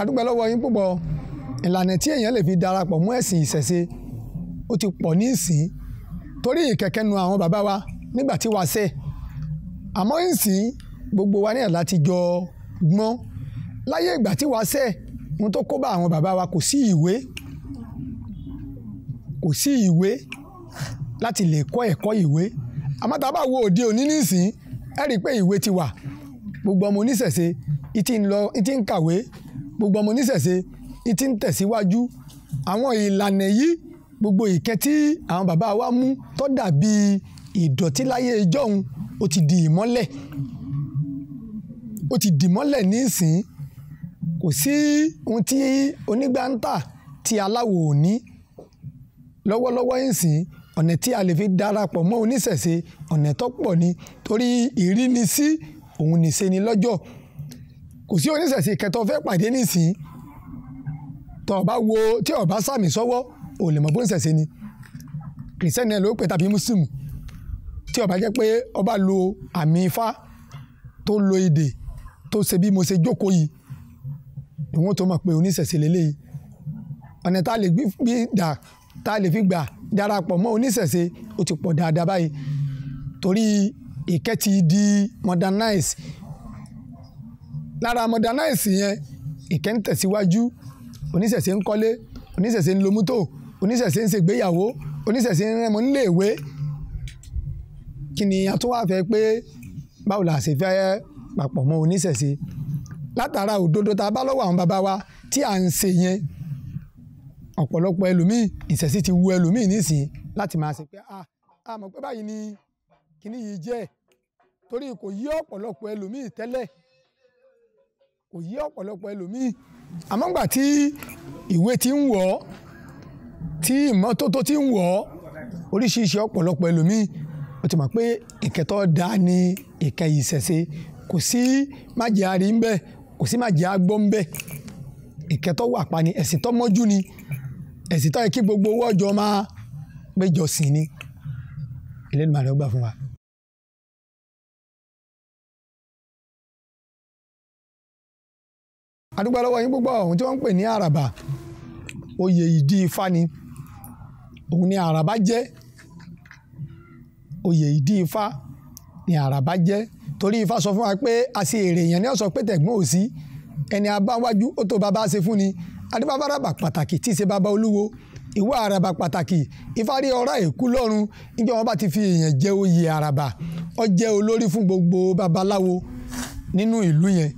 adúpẹ́ lọ́wọ́ yín púpọ̀ ìlànà tí èèyàn lè fi darapọ̀ mọ́ ẹ̀sìn ìṣẹ̀ṣe ó ti pọ̀ ní ìsìn torí ìkẹ̀kẹ́ nu àwọn bàbá wa nígbà tí wà sẹ́ àmọ́ ìsìn gbogbo wa náà láti jọ gbọ́n láyé ìgbà tí wà sẹ́ ohun tó kó bá àwọn bàbá wa kò sí ìwé kò sí ìwé láti lè kọ́ ẹ̀kọ́ ìwé àmọ́ tá a bá wo òde òní nísìn ẹ rí i pé ìwé ti wà gbogbo ọmọ oníṣẹ̀ṣe ìtì ń kàwé gbogbo ọmọ oníṣẹ̀ṣe ti ń tẹ̀síwájú àwọn ìlànà yìí gbogbo ìkẹ́ tí àwọn bàbá wa mú tó dàbí ìdọ̀tí láyé ìjọ́un ó ti di ìmọ́lẹ̀ ó ti dì mọ́lẹ̀ nísìn kò sí ohun tí onígbàǹtà tí aláwo ò ní lọ́wọ́lọ́wọ́ ìsìn ọ̀nà tí a lè fi darapọ̀ mọ́ oníṣẹ̀ṣe ọ̀nà tó pọ̀ ni torí ìrínisí òun nìṣe ni lọ́jọ́ kò sí oníṣẹ̀ṣe kẹtọ fẹ́ pàdé nísìnyí tọ́ ọba wo tí ọba sàmì sọ́wọ́ ò lè mọ̀ bó ń ṣẹ̀ṣe ni kìrìsẹ́nì ẹ̀ ló pè tàbí mùsùlùmù tí ọba jẹ́ pé ọba lo àmì ifá tó lo ìdè tó ṣe bí mo ṣe jókòó yìí ni wọ́n tó mọ̀ pé oníṣẹ̀ṣe lélẹ́yìí ọ̀nà tá a lè gbí dà tá a lè fi gbà darapọ̀ mọ́ oníṣẹ̀ṣe ó ti pọ̀ dáadáa báyìí torí ìkẹ́ ti di modernize lára modernize yẹn ìkẹ́ ń tẹ̀síwájú oníṣẹ̀ṣe ń kọ́lé oníṣẹ̀ṣe ń lo mọ́tò oníṣẹ̀ṣe ń ṣègbéyàwó oníṣẹ̀ṣe ń rẹ́mọ níléèwé kí ni a tún wá fẹ́ pé báwo la ṣe fẹ́ papọ̀ mọ́ oníṣẹ̀ṣe látara òdodo tá bá lọ́wọ́ àwọn bàbá wa tí à ń ṣe yẹn ọ̀pọ̀lọpọ̀ ẹlòmíì ìṣẹ̀ṣe ti wu ẹlòmíì nísìnyí láti máa ṣe pé a mọ̀ pé báyìí ni kíní yìí jẹ́ torí kò yí ọ̀pọ̀lọpọ̀ ẹlòmíì tẹ́lẹ̀ kò yí ọ̀pọ̀lọpọ̀ ẹlòmíì àmọ́ gbà tí ìwé ti ń wọ̀ ọ́ tí ìmọ́tótó ti ń wọ̀ ọ́ oríṣiríṣi ọ̀pọ̀lọpọ̀ ẹlòmíì ó ti mọ̀ pé ìkẹtọ́ da ni ìkẹyì ìṣẹ̀ṣe kò sí májẹ̀ àrí ń bẹ̀ kò sí májẹ̀ àgbọ̀ ń bẹ̀ ìkẹtọ́ wà pa ni ẹ̀sìn tó mọ́jú ni ẹ̀sìn tó yẹ kí gbogbo owó ọjọ́ máa péjọ sìn ni eléyìí máa fún wa. adúpẹ́ lọ́wọ́ yín púpọ̀ ohun tí wọ́n ń pè ní àràbà oyè ìdí ifá ni òun ni àràbà jẹ́ oyè ìdí ifá ni àràbà jẹ. torí ifá sọ fún wa pé a ṣe èrè èèyàn ní ọ̀sán pé tẹ̀gbọ́n ò sí ẹni abáwájú ó tó bàbá ṣe fún ni adébábá ràbà pàtàkì tí í ṣe bàbá olúwo ìwọ àràbà pàtàkì ìfárí ọ̀rá èkú lọ́run níjọ wọn bá ti fi èèyàn jẹ oyè àràbà ó jẹ́ olórí fún gbogbo babaláwo nínú ìlú yẹn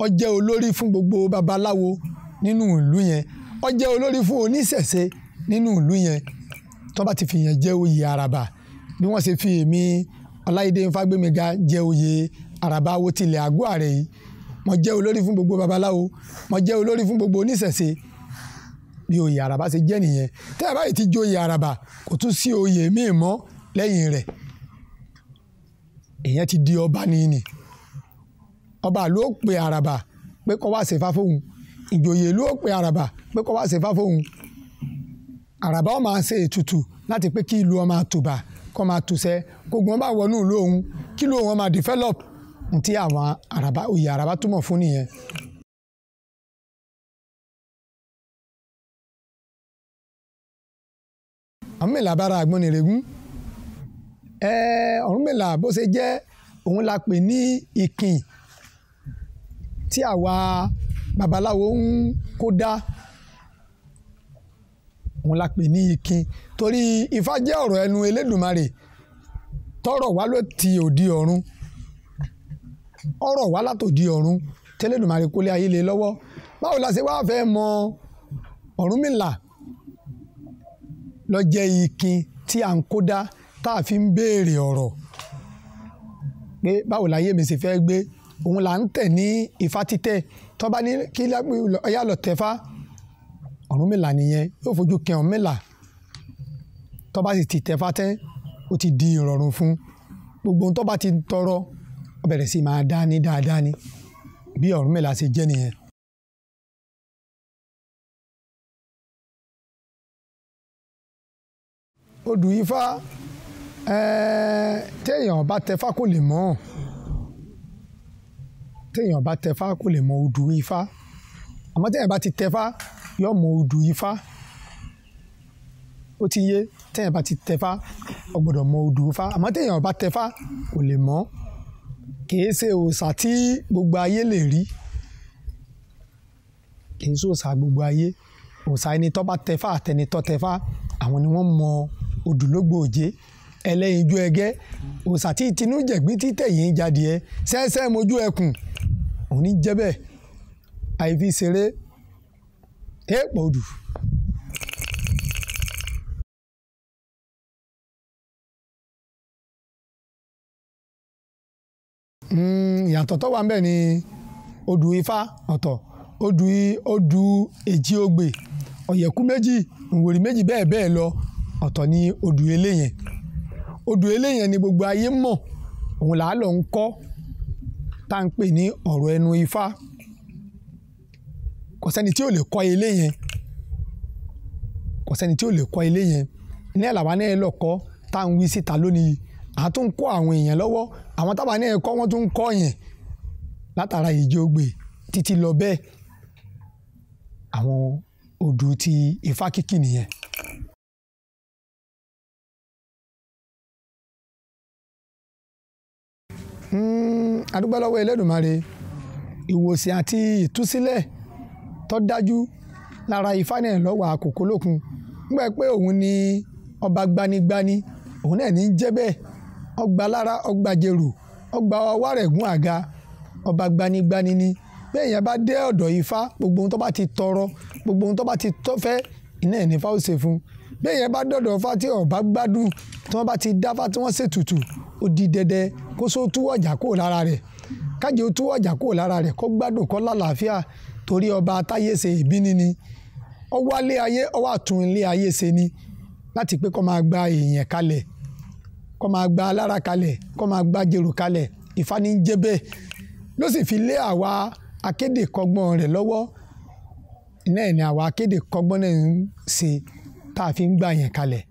ó jẹ́ olórí fún gbogbo babaláwo nínú ìlú yẹn ó jẹ́ olórí fún oníṣẹ̀ṣe nínú ìlú yẹn tó bá ti fi yẹn jẹ́ oyè àràbà bí wọ́n ṣe fi èmi ọláyídé nfàgbémiga jẹ́ oyè àràbà wo tilẹ̀ àgọ́ ààrẹ yìí mo jẹ́ olórí fún gbogbo babaláwo mo jẹ́ olórí fún gbogbo oníṣẹ̀ṣe bí oyè àràbà ṣe jẹ́ nìyẹn tẹ́ ẹ báyìí ti jẹ́ oyè àràbà kò tún sí oyè míì mọ́ lẹ́yìn rẹ̀ èèyàn ti di ọba nìyí ọba ló pe Araba pé kó wá ṣèfà fóun ìjòyè ló pe Araba pé kó wá ṣèfà fóun àràbà ó máa ṣe ètùtù láti pé kí ìlú ó máa tùbà kó máa tùṣẹ gbogbo wọn bá wọnú ìlú òun kí ìlú òun máa develop ntí àwọn àràbà òye àràbà túmọ̀ fún nìyẹn. àwọn mẹ́la bára àgbọnnìrègún ọ̀rún mẹ́la bó ṣe jẹ́ òun la pè ní ìkìn tí àwa babaláwo ń kó dá òun la pè ní ikin torí ifá jẹ́ ọ̀rọ̀ ẹnu elédùnmarè tọ́rọ̀ wá ló ti òdi ọ̀run ọ̀rọ̀ wá látòdi ọ̀run tẹ́lẹ̀dùnmarè kólé ayé lé lọ́wọ́ báwo la ṣe wá fẹ́ mọ Ọ̀rúnmìlà ló jẹ́ ikin tí à ń kó dá tá a fi ń béèrè ọ̀rọ̀ pé báwo láyé mi ṣe fẹ́ gbé òun là ń tẹ̀ ní Ifá títẹ̀ tó bá ní kí ọyá lọ tẹ̀fá Ọ̀rúnmìlà nìyẹn yóò fojú kẹ Ọ̀rúnmìlà tó bá sì ti tẹ̀fá tẹ́ ó ti di ìrọ̀rùn fún gbogbo tó bá ti tọrọ ó bẹ̀rẹ̀ sí máa dá ní dáadáa ni bí Ọ̀rúnmìlà ṣe jẹ́ nìyẹn. odù Ifá téèyàn bá tẹ̀fá kò lè mọ̀ ọ́n téèyàn bá tẹfá kò lè mọ odù ifá àmọ́ téèyàn bá ti tẹfá yóò mọ odù ifá ó ti yé téèyàn bá ti tẹfá ó gbọ́dọ̀ mọ odù ifá àmọ́ téèyàn bá tẹfá kò lè mọ kìí ṣe òòṣà tí gbogbo ayé lè rí kìí ṣe òòṣà gbogbo ayé òòṣà ẹni bá tẹfá àtẹni tẹfá àwọn ni wọ́n mọ odùlógbò òjé ẹlẹ́yinjú ẹgẹ́ òòṣà tí tinú jẹ̀gbín títẹ̀yìn jáde ẹ sẹ́sẹ́ mojú ẹkùn òun ní jẹ́ bẹ́ẹ̀ àìfi ṣeré èèpọ̀ odù. Hmm, ìyàtọ̀ tó wà ń bẹ ni odù ifá ọ̀tọ̀ odù odù èjì ogbè ọ̀yẹ̀kú méjì ìwòrì méjì bẹ́ẹ̀ bẹ́ẹ̀ lọ ọ̀tọ̀ ni odù eléyẹn odù eléyẹn ni gbogbo ayé mọ̀ òun làá ń kọ́ tá à ń pè ní ọ̀rọ̀ ẹnu ifá kò sẹ́ni tí ò lè kọ́ ilé yẹn kò sẹ́ni tí ò lè kọ́ ilé yẹn ní ẹ̀làwá náà lọ́kọ́ tá à ń wí síta lónìí à tún kọ́ àwọn èèyàn lọ́wọ́ àwọn tábà náà kọ́ wọ́n tún kọ́ yẹn látara ìjọgbe títí lọ bẹ́ẹ̀ àwọn odù ti ifá kìkì nìyẹn. Hmm, adúpẹ́ lọ́wọ́ Elédùmarè ìwòsàn àti ìtúsílẹ̀ tó dájú lára ifá náà lọ́wọ́ àkókò lókun nígbà pé òun ni ọba gbanigbani òun náà ní jẹ́ bẹ́ẹ̀ ọgbà lára ọgbà jèrò ọgbà wàrẹ̀gùn àga ọba gbanigbani ni bẹ́ẹ̀ yẹn bá dé ọ̀dọ̀ ifá gbogbo ohun tó bá ti tọrọ gbogbo ohun tó bá ti tọ́fẹ́ iná ẹ̀ ní fá ó ṣe fún bẹ́ẹ̀ yẹn bá dọ̀dọ̀ fá tí ọba gbádùn tí wọ́n bá ti dáfá tí wọ́n ṣètùtù ó di dẹdẹ kó só tú ọ̀jà kúrò lára rẹ̀ kájẹ́ ó tú ọ̀jà kúrò lára rẹ̀ kó gbádùn kó lálàáfíà torí ọba táyé ṣe ìbíní ni ó wá lé ayé ó wá tún ilé ayé ṣe ni láti pé kó máa gba èèyàn kalẹ̀ kó máa gba alára kalẹ̀ kó máa gba jèrò kalẹ̀ Ifá ló sì fi lé àwa akéde kọ́gbọ́n rẹ̀ lọ́wọ́ náà ni àwa akéde kọ́gbọ́n náà ń ṣe tá a fi ń gbà yẹn kalẹ̀